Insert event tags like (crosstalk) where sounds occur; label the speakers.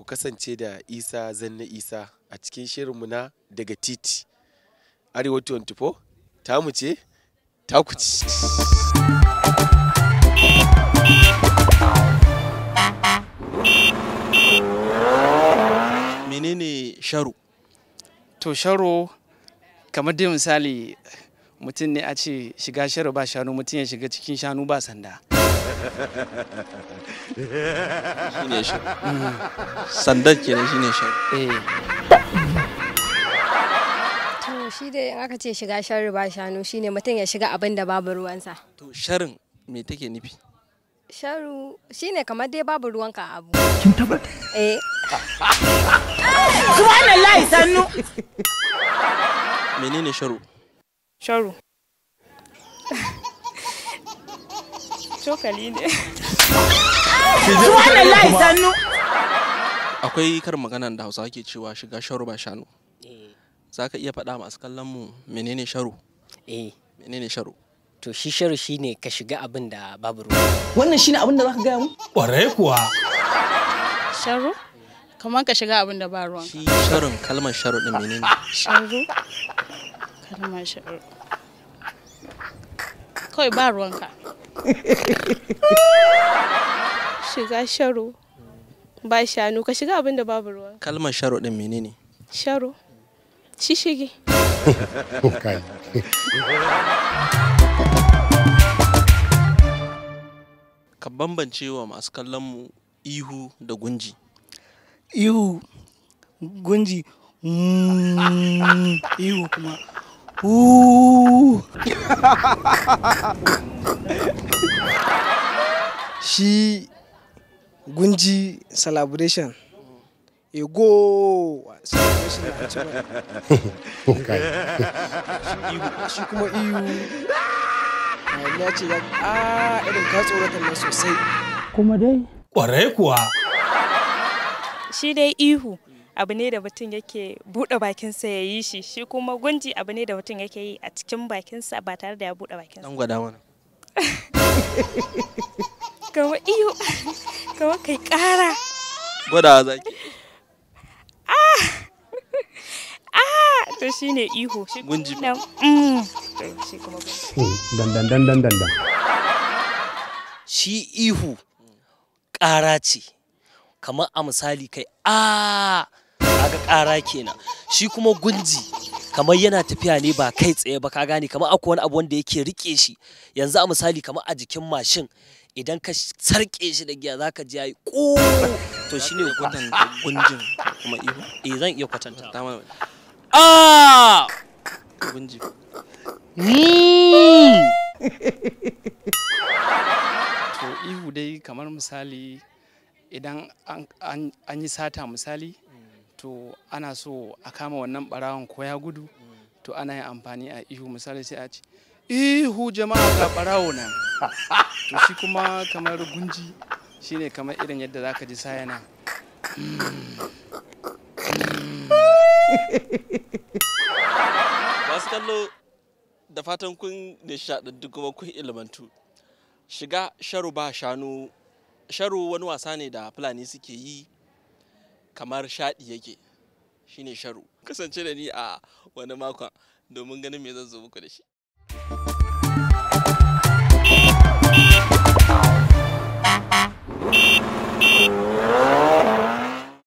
Speaker 1: ku kasance da isa zanna isa a cikin shirinmu na daga titi arewa 24 mu ce ku ci. menene sharo to sharo kamar dai misali mutum ne a ce shiga sharo ba shanu mutum ya shiga cikin shanu ba sanda shine shi sandar kenan shine shi eh. to shi dai in aka ce shiga sharri ba shanu ne mutum ya shiga abin da babu ruwansa to sharin me take nufi sharu ne kamar dai babu ruwanka a abu kin tabbata eh subhanallahi sannu menene sharru sharu Cokali ne. Wannan layi sannu. Akwai karin magana da Hausa ke cewa shiga sharu ba shanu. Eh. Za ka iya faɗa masu kallon mu menene sharu? Eh. Menene sharu? To shi sharu shine ka shiga abin da babu ruwa. Wannan shine abin da za ka gaya mu? Ƙwarai kuwa. Sharu? Kamar ka shiga abin da ba ruwan. Shi sharun kalmar sharu din menene? Sharu? Kalmar sharu. Kawai ba ruwanka. (laughs) Shiga sharo. Ba shanu ka shiga abin da babu ruwa. Kalmar sharo din menene? Sharo. Shishigi. Ka bambance wa masu kallon mu ihu da gunji. Ihu gunji mm, ihu kuma. (laughs) shi gunji celebration e go (laughs) shi kuma iyu ya ce ya a ah, irin ka tsoratan nan sosai kuma dai kwarai kuwa shi dai ihu abu ne da mutum yake buɗe bakinsa ya yi shi shi kuma gunji abu ne da mutum yake yi a cikin bakinsa ba tare da ya buɗe bakinsa. Dan gwada mana. (laughs) gawa iyo gawa kai ƙara gwada za ki ah (laughs) ah to shine ihu gunji dan shi kuma mm. dan dan dan dan dan shi ihu ƙara ce kamar a misali kai a ah! kaga ƙara kenan shi kuma gunji kamar yana tafiya ne ba kai tsaye ba ka gane kamar akwai wani abu wanda yake rike shi yanzu a misali kamar a jikin mashin idan ka sarke shi da giya zaka ji yayi ko to shine kwatanta gunjin kuma ihu eh zan iya kwatanta ta mana ah gunji hmm. to ihu dai kamar misali idan an yi sata misali to ana so a kama wannan barawon ko ya gudu to ana yin amfani a ihu misali sai a ce ihu jama'a ga barawo nan to shi kuma kamar gunji shine kamar irin yadda zaka ji sayana. masu kallo da fatan kun nishaɗaddu kuma kun ilmantu shiga sharu ba shanu sharu wani wasa ne da fulani suke yi kamar shaɗi yake shine sharu kasance da ni a wani makon domin ganin me zan zo muku da shi